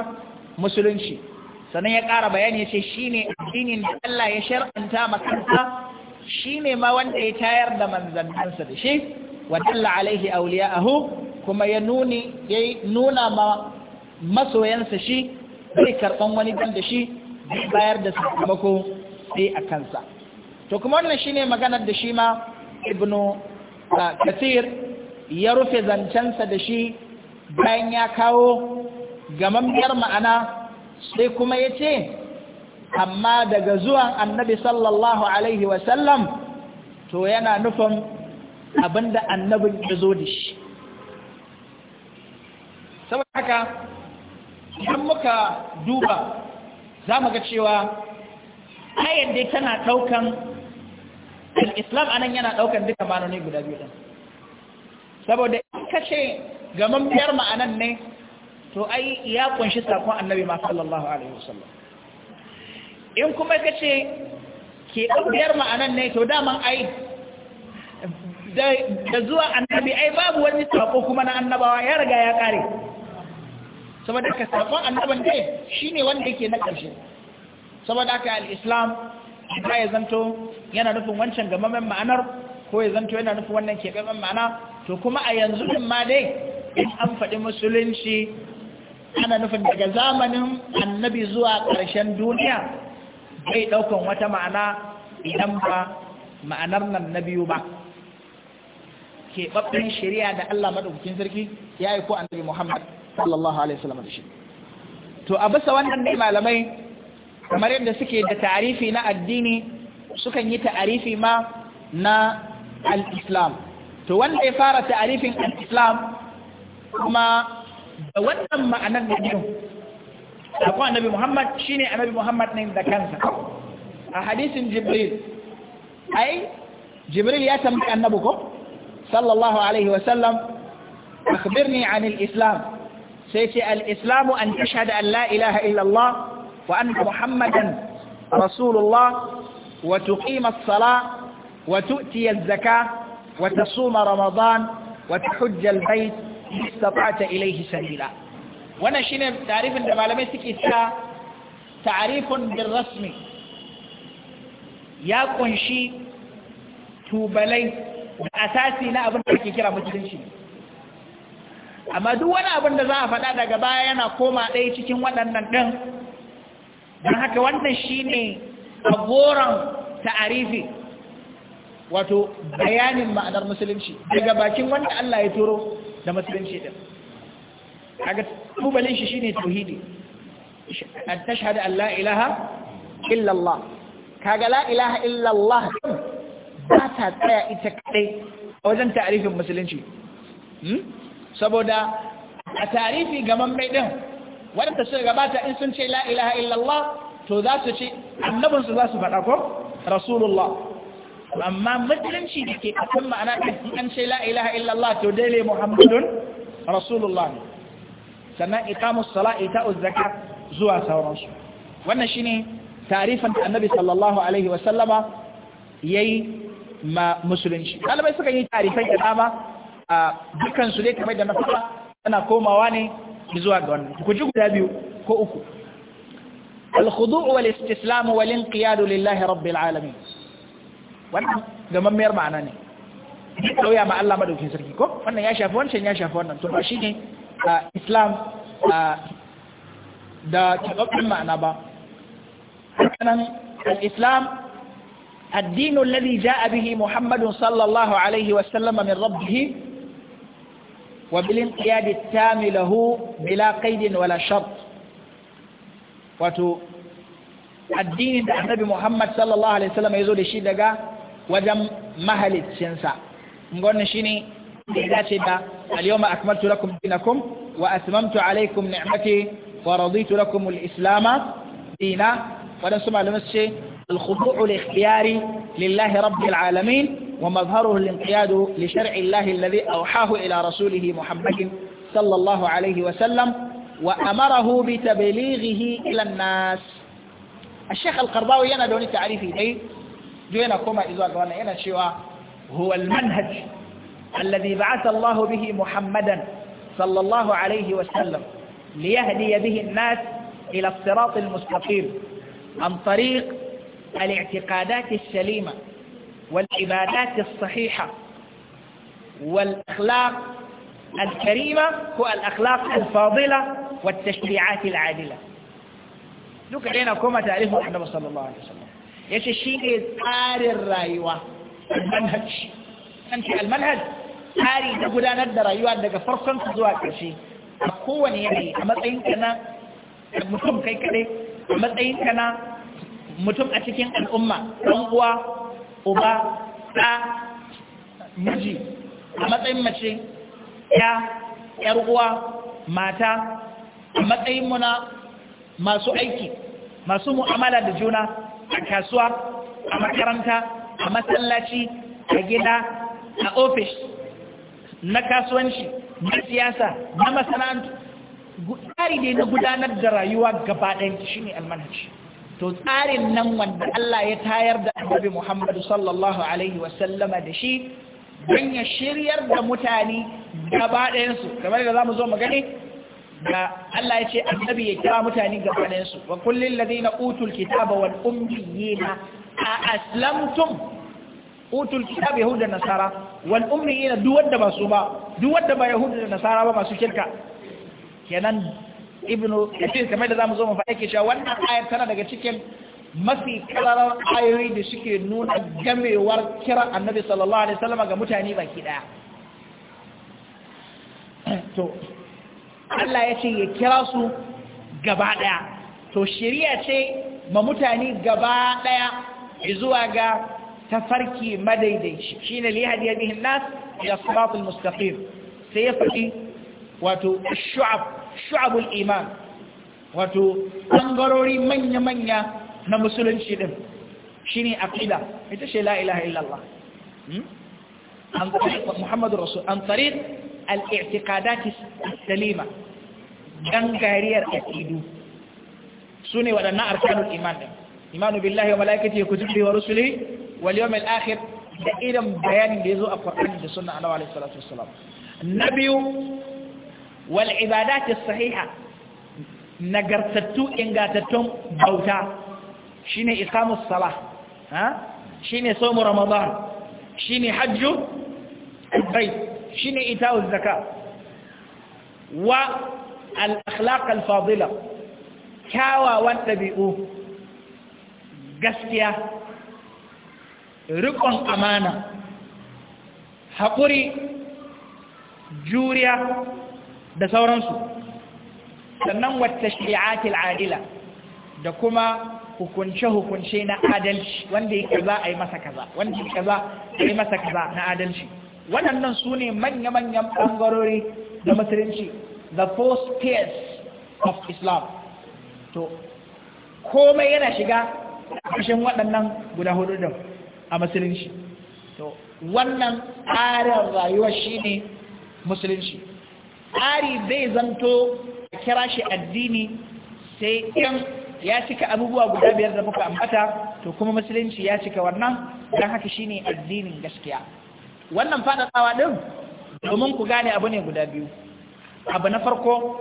musulunci sannan ya ƙara bayani ya ce shi ne addinin da Allah ya shar'anta makansa shine ma wanda ya tayar da manzanninsa da shi wa dalla alaihi awliya'ahu kuma ya nuni yayi nuna ma masoyansa shi zai karɓan wani dan da shi zai bayar da sakamako sai a kansa to kuma wannan shine maganar da shi ma ibnu ah, kathir ya rufe zancensa da shi bayan ya kawo gamammiyar ma'ana sai kuma ya ce amma daga zuwan annabi sallallahu alaihi wasallam to yana nufin abinda annabin ya zo da shi saboda haka idan muka duba za mu ga cewa ayan dai tana ɗaukan islam anan yana ɗaukan duka manoni guda biyu ɗin saboda in ka ce gaman biyar ma'anan ne to ai ya kunshi sakon annabi ma sallallahu alaihi wasallam in kuma ka ce ke ɗaukiyar ma'anan ne to daman ai da zuwa annabi ai babu wani sako kuma na annabawa ya riga ya ƙare saboda ka sakon annaban ne shi ne wanda yake na ƙarshe saboda ka al'islam ba ya zanto yana nufin wancan gamamen ma'anar ko ya zanto yana nufin wannan keɓaɓɓen ma'ana to kuma a yanzu ɗin ma dai in an faɗi musulunci ana nufin daga zamanin annabi zuwa ƙarshen duniya bai ɗaukan wata ma'ana idan ba ma'anar nan na biyu ba keɓaɓɓen shari'a da Allah maɗaukakin sarki ya yi ko annabi Muhammad sallallahu alaihi wasallam da shi to a bisa wannan ne malamai kamar yadda suke da ta'arifi na addini sukan yi ta'arifi ma na al-islam to wanda ya fara ta'arifin al-islam kuma da wannan ma'anar da biyu akwai annabi muhammad shine annabi muhammad ne da kansa a hadisin jibril ai jibril ya tambayi annabi ko sallallahu alaihi wa sallam akhbirni an al-islam sai ce al-islam an tashhada an la ilaha illa allah wa anna muhammadan rasulullah wa tuqima as-salah wa tu'ti az-zakah wa tasuma ramadan wa tahujja al-bayt استطعت إليه سبيلا wannan shine tarifin da malamai suke sa tarifin bil rasmi ya kunshi tubalai da asasi na abin da ake kira musulunci amma duk wani abin da za a faɗa daga baya yana koma ɗaya cikin waɗannan ɗin don haka wannan shine agoran ta'arifi wato bayanin ma'anar musulunci daga bakin wanda Allah ya turo da musulunci ɗin kaga tubalin shi shine tauhidi an tashhadu an la ilaha illa Allah kaga la ilaha illa Allah ba ta tsaya ita kadai a wajen ta'arifin musulunci hmm? saboda a tarifi gaman mai din wadanda su gabata in sun ce la ilaha illa Allah to za su ce annabinsu za su faɗa ko rasulullah amma musulunci da ke a kan ma'ana ɗin an ce la ilaha illallah to dai muhammadun rasulullah ne sannan iqamus sala ita'uz zakat zuwa sauransu wannan shi ne da annabi sallallahu alaihi wa sallama yi ma musulunci ɗalibai suka yi tarifan da dama a dukkan su dai kamar da na faɗa ana komawa ne zuwa ga wannan ku ji guda biyu ko uku الخضوع والاستسلام والانقياد لله رب العالمين wannan gamammiyar ma'ana ne ya ma Allah madaukin sarki ko wannan ya shafi wancan ya shafi wannan to ba shi ne a islam da taɓaɓɓen ma'ana ba hakanan al-islam الدين الذي جاء به محمد صلى الله عليه وسلم wa bilin وبالانقياد ta له بلا قيد ولا شرط wato addinin da annabi Muhammad sallallahu alaihi wasallam ya zo da shi daga wajen mahaliccinsa wannan shine da ya dace da اليوم أكملت لكم دينكم وأتممت عليكم نعمتي ورضيت لكم الإسلام دينا سمع معلومات الخضوع الاختياري لله رب العالمين ومظهره الانقياد لشرع الله الذي أوحاه إلى رسوله محمد صلى الله عليه وسلم وأمره بتبليغه إلى الناس الشيخ القرضاوي ينا دوني تعريفي دي إيه، دينا كما إذا وانا ينا هو المنهج الذي بعث الله به محمدا صلى الله عليه وسلم ليهدي به الناس إلى الصراط المستقيم عن طريق الاعتقادات السليمة والعبادات الصحيحة والأخلاق الكريمة والأخلاق الفاضلة والتشريعات العادلة دوك علينا كما تعرفوا أحنا صلى الله عليه وسلم shine الشيء rayuwa manhaj an المنهج al المنهج tsari na gudanar da rayuwa daga farkon su zuwa ƙarshe a kowane yanayi a matsayin ka na mutum kai kaɗai a matsayin ka mutum a cikin al'umma ɗan uwa uba ɗa miji a matsayin mace ya yar uwa mata a matsayin mu masu aiki masu mu'amala da juna a kasuwa a makaranta a masallaci a gida a ofis na kasuwanci na siyasa na masana'antu tsari ne na gudanar da rayuwa gaba ɗaya shi ne almanhaji to tsarin nan wanda Allah ya tayar da annabi Muhammadu sallallahu alaihi wasallama da shi don ya shiryar da mutane gaba ɗayansu kamar da za mu zo mu gani ga Allah ya ce annabi ya kira mutane gaba ɗayansu wa kullum ladina utul kitaba wal ummiyina a aslamtum utul kitab yahuda da nasara wal ummiina duk wanda ba su ba duk wanda ba yahuda da nasara ba masu shirka kenan ibnu kathir kamar da zamu zo mu faɗa ke cewa wannan ayar tana daga cikin mafi kararar ayoyi da suke nuna gamewar kira annabi sallallahu alaihi wasallam ga mutane baki daya to Allah ya ce ya kira su gaba daya to shari'a ce ma mutane gaba daya zuwa ga tafarki shi shine li hadiya bihi nas ila sirat almustaqim sai ya faɗi wato shu'ab shu'abul iman wato bangarori manya manya na musulunci din shine aqida ita ce la ilaha illallah hmm? an tariq muhammadur rasul an tariq al-i'tiqadat as-salima gangariyar aqidu sune waɗannan arkanul iman din imanu billahi wa malaikatihi wa kutubihi wa rusulihi واليوم الآخر الى بيان جزوا القرآن بسنة الله عليه الصلاة والسلام النبي والعبادات الصحيحة نجرتتو إنجاتتم بوتا شيني إقام الصلاة ها شيني صوم رمضان شيني حج البيت شيني إيتاء الزكاة والأخلاق الفاضلة كاوا وانتبئوا قسطيا riƙon amana haƙuri juriya da sauransu sannan wata shari'atul adila da kuma hukunce-hukunce na adalci wanda yake za a yi masa kaza wanda yake za a yi masa kaza na adalci waɗannan su ne manya-manyan ɓangarori da musulunci the first spheres of islam to komai yana shiga ƙarshen waɗannan guda hudu da a musulunci to wannan tsarin rayuwa shine musulunci tsari zai zanto a kira shi addini sai in ya cika abubuwa guda biyar da muka ambata to kuma musulunci ya cika wannan don haka shine addinin gaskiya wannan faɗaɗawa ɗin domin ku gane abu ne guda biyu abu na farko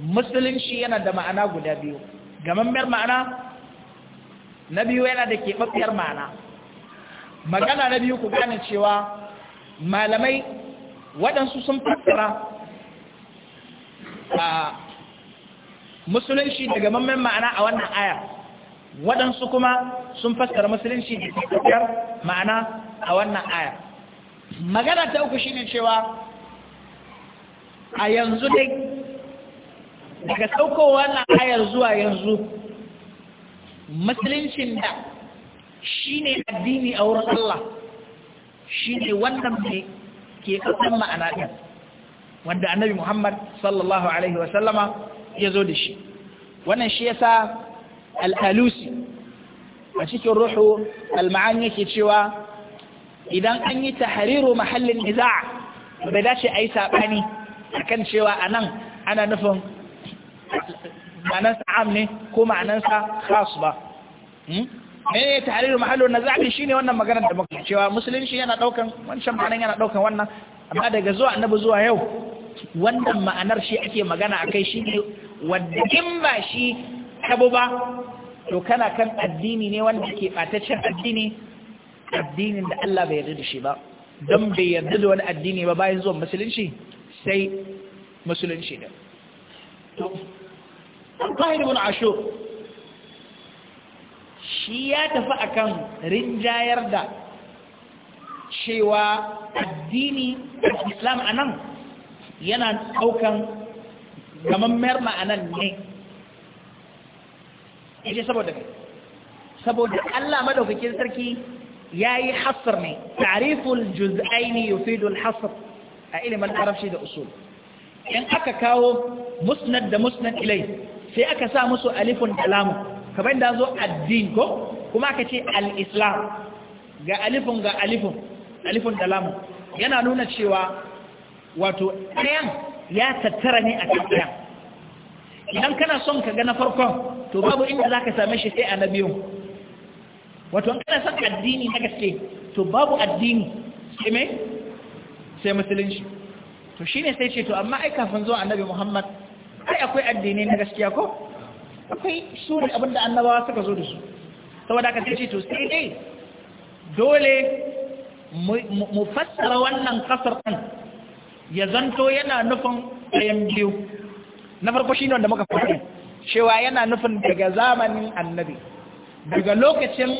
musulunci yana da ma'ana guda biyu gamammiyar ma'ana na biyu yana da keɓaɓɓiyar ma'ana magana na biyu ku gane cewa malamai waɗansu sun fassara a musulunci daga mamman ma'ana a wannan ayar waɗansu kuma sun fassara musulunci da tafiyar ma'ana a wannan ayar magana ta uku shine cewa a yanzu dai daga saukowa wannan ayar zuwa yanzu musuluncin da shine addini a wurin Allah shine wannan ne ke kasan ma'ana ɗin wanda annabi Muhammad sallallahu alaihi wa sallama ya zo da shi wannan shi yasa al-alusi a cikin ruhu al yake cewa idan an yi tahriru mahallin iza'a bai dace a yi saɓani akan cewa a nan ana nufin ma'anansa am ne ko ma'anansa khas ba hmm? mene tahriru mahallu nazabi shine wannan maganar da muke cewa musulunci yana daukan wancan ma'anar yana daukan wannan amma daga zuwa annabi zuwa yau wannan ma'anar shi ake magana akai shi ne wanda in ba shi tabo ba to kana kan addini ne wanda ke bataccen addini addinin da Allah bai yarda da shi ba don bai yarda da wani addini ba bayan zuwa musulunci sai musulunci ne to Tahir ibn Ashur shi ya tafi akan rinjayar da cewa addini islam a nan yana ɗaukan gamammiyar ma'anan ne saboda kai saboda allah madaukakin sarki ya yi hasar ne tariful juz'aini yufidul hasar a ilimin arabci da usul in aka kawo musnad da musnad ilai sai aka sa musu alifun da kamar da zo addin ko kuma aka ce al-islam ga alifin ga alifin alifin da lamu yana nuna cewa wato ɗayan ya tattara ne a kan ɗayan idan kana son ka ga na farkon to babu inda za ka same shi sai a na biyun wato kana son addini na gaske to babu addini sai mai sai musulunci to shine sai ce to amma ai kafin zuwa annabi muhammad ai akwai addini na gaskiya ko akwai su ne abinda annabawa suka zo da su saboda aka ce to sai dai dole mu fassara wannan kasar ɗin ya zanto yana nufin ɗayan biyu na farko shi ne wanda muka faɗi cewa yana nufin daga zamanin annabi daga lokacin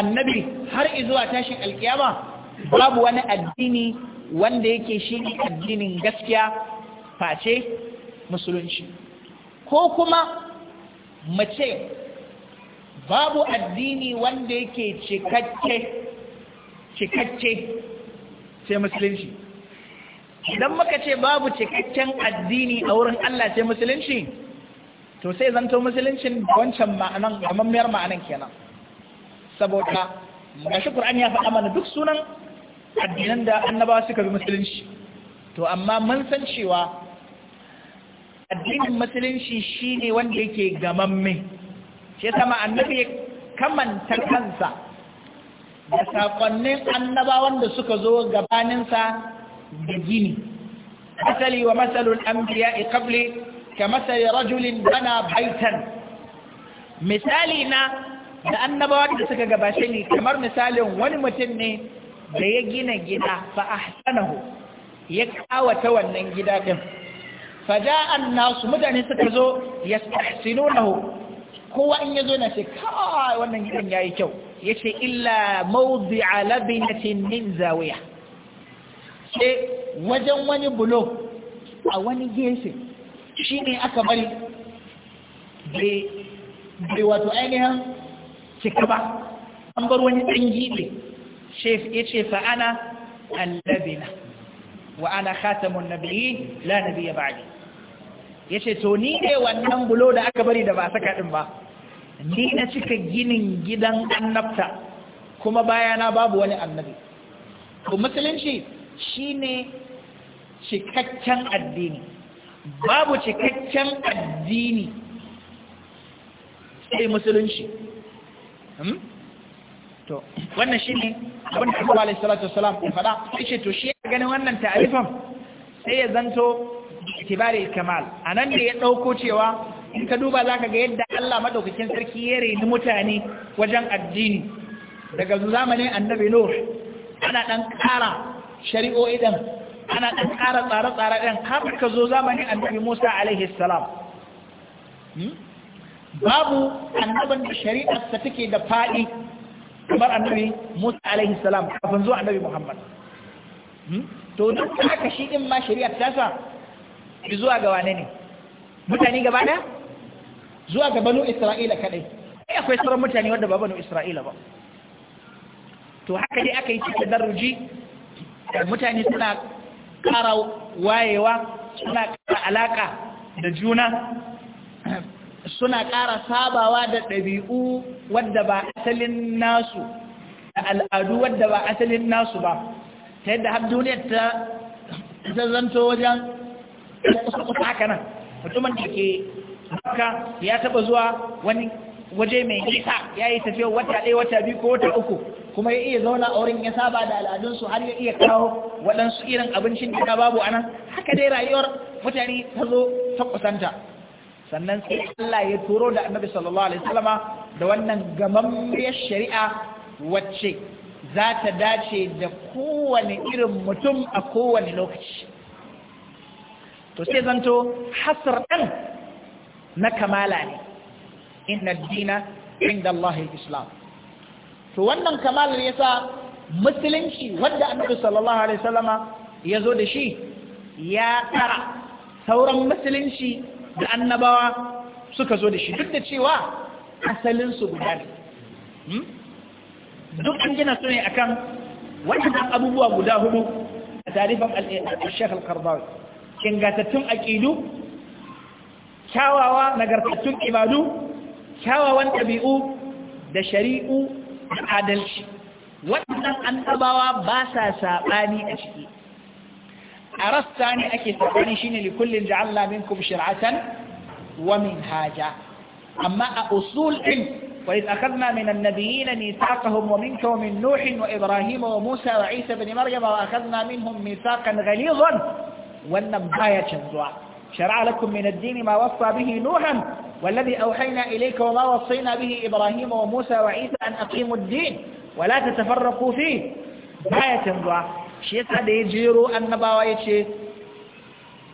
annabi har izuwa tashin alkiyama babu wani addini wanda yake shi addinin gaskiya face musulunci ko kuma mace babu addini wanda yake cikakke cikakke sai musulunci idan muka ce babu cikakken addini a wurin Allah sai musulunci to sai zanto musuluncin wancan ma'anan gamammiyar ma'anan kenan saboda shi Qur'ani ya faɗa mana duk sunan addinan da annabawa suka bi musulunci to amma mun san cewa addinin musulunci shine wanda yake gamamme shi sama annabi ya kamanta kansa da sakonnin annabawan da suka zo gabaninsa da gini asali wa masalul anbiya'i qabli ka masali rajulin bana baitan misali na da annabawan da suka gabashe ni kamar misalin wani mutum ne da ya gina gida fa ya kawata wannan gida din faja'an nasu mutane suka zo yastahsinunahu kowa in yazo na ce kawai wannan gidan yayi kyau yace illa mawdi'a labinatin min zawiya sai wajen wani bulo a wani gefe shine aka bari bai wato ainihin cika ba an bar wani ɗan gibe ya ce fa'ana allabina wa ana khatamun nabiyyi la nabiyya ba'di yace to ni ne wannan bulo da aka bari da ba saka din ba ni na cika ginin gidan annabta kuma bayana babu wani annabi to musulunci shine cikakken addini babu cikakken addini sai musulunci hmm? to wannan shine abin da sallallahu alaihi salatu wassalam ya faɗa yace to shi ganin wannan ta'arifan sai ya zanto itibari kamal anan da ya dauko cewa in ka duba zaka ga yadda Allah madaukakin sarki ya reni mutane wajen addini daga zamanin annabi nuh ana dan kara shari'o'i din ana dan kara tsare-tsare din har ka zo zamanin annabi Musa alaihi salam hmm? babu annaban da shari'ar sa take da fadi kamar annabi Musa alaihi salam kafin zuwa annabi Muhammad hmm? to duk haka shi din ma shari'a ta sa zuwa ga wane ne mutane gaba da zuwa ga banu Isra'ila kadai ai akwai sauran mutane wanda ba banu Isra'ila ba to haka dai aka yi cikin daruji mutane suna kara wayewa suna kara alaƙa da juna suna ƙara sabawa da ɗabi'u wadda ba asalin nasu da al'adu wadda ba asalin nasu ba ta yadda har duniyar ta zanto wajen kusa haka nan mutumin da ke haka ya taba zuwa wani waje mai nisa ya yi tafiya wata ɗaya wata biyu ko wata uku kuma ya iya zauna a wurin ya saba da al'adunsu har ya iya kawo waɗansu irin abincin da babu a nan haka dai rayuwar mutane ta zo ta kusanta sannan sai Allah ya turo da annabi sallallahu alaihi wasallama da wannan gamammiyar shari'a wacce za ta dace da kowane irin mutum a kowane lokaci to sai zanto hasar ɗan na kamala ne inna dina inda Allah islam to wannan kamalar yasa musulunci wadda annabi sallallahu alaihi wasallama ya zo da shi ya tsara sauran musulunci da annabawa suka zo da shi duk da cewa asalinsu guda ne hmm? duk an gina su ne a kan waɗannan abubuwa guda hudu a tarifin al-shekh al aƙidu kyawawa nagartattun ibadu kyawawan ɗabi'u da shari'u da adalci waɗannan annabawa ba sa saɓani a ciki a rasta أكيد فأني شيني لكل جعلنا منكم شرعة ومنهاجا أما أصول علم وإذ أخذنا من النبيين ميثاقهم ومنك ومن نوح وإبراهيم وموسى وعيسى بن مريم وأخذنا منهم ميثاقا غليظا والنباية شنزوا شرع لكم من الدين ما وصى به نوحا والذي أوحينا إليك وما وصينا به إبراهيم وموسى وعيسى أن أقيموا الدين ولا تتفرقوا فيه باية شنزوا shi yasa da ya jero annabawa yace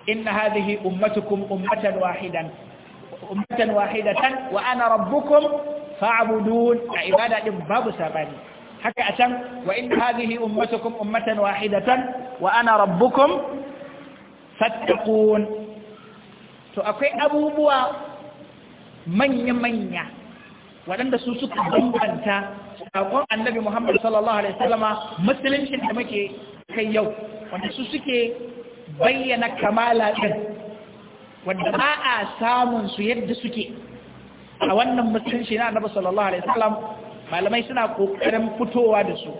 inna hadhihi ummatukum ummatan wahidan ummatan wahidatan wa ana rabbukum fa'budun a ibada din babu sabani haka a can wa inna hadhihi ummatukum ummatan wahidatan wa ana rabbukum fattaqun to akwai abubuwa manya-manya waɗanda su suka bambanta saƙon annabi Muhammad sallallahu Alaihi wasallama musuluncin da muke kai yau wanda su suke bayyana kamala ɗin wanda ba a samun su yadda suke a wannan mutunci na annabi sallallahu alaihi wasallam malamai suna kokarin fitowa da su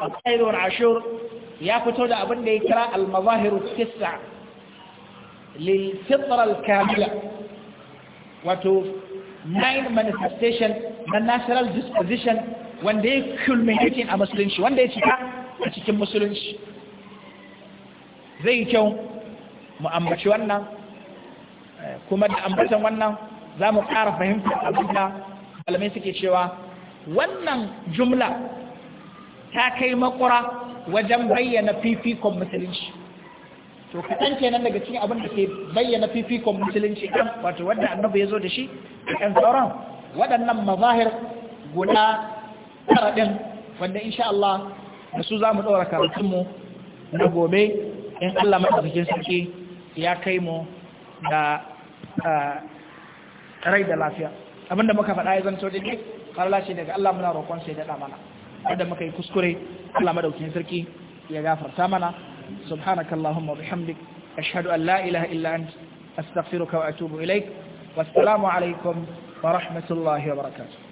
al-qaidun ashur ya fito da abin da ya kira al-mazahiru tisa lil fitra al-kamila wato nine manifestation na natural disposition wanda ya culminating a musulunci wanda ya cika a cikin musulunci zai yi kyau mu ambaci wannan eh, kuma da ambatan wannan za mu ƙara fahimtar abinda malamai suke cewa wannan jumla ta kai makura wajen bayyana fifikon musulunci to kaɗan kenan daga cikin abin da ke bayyana fifikon musulunci ɗan wato wanda annabi ya zo da shi ɗan sauran waɗannan mazahir guda tara ɗin wanda insha Allah da su za mu ɗaura karatunmu na gobe in Allah maɗaukakin sarki ya kai mu da rai da lafiya abinda muka faɗa ya zanto daidai farla ce daga Allah muna roƙon sai daɗa mana wanda muka yi kuskure Allah maɗaukakin sarki ya gafarta mana subhanaka Allahumma bihamdik ashhadu an la ilaha illa ant astaghfiruka wa atubu ilaik wassalamu alaikum wa rahmatullahi wa barakatuh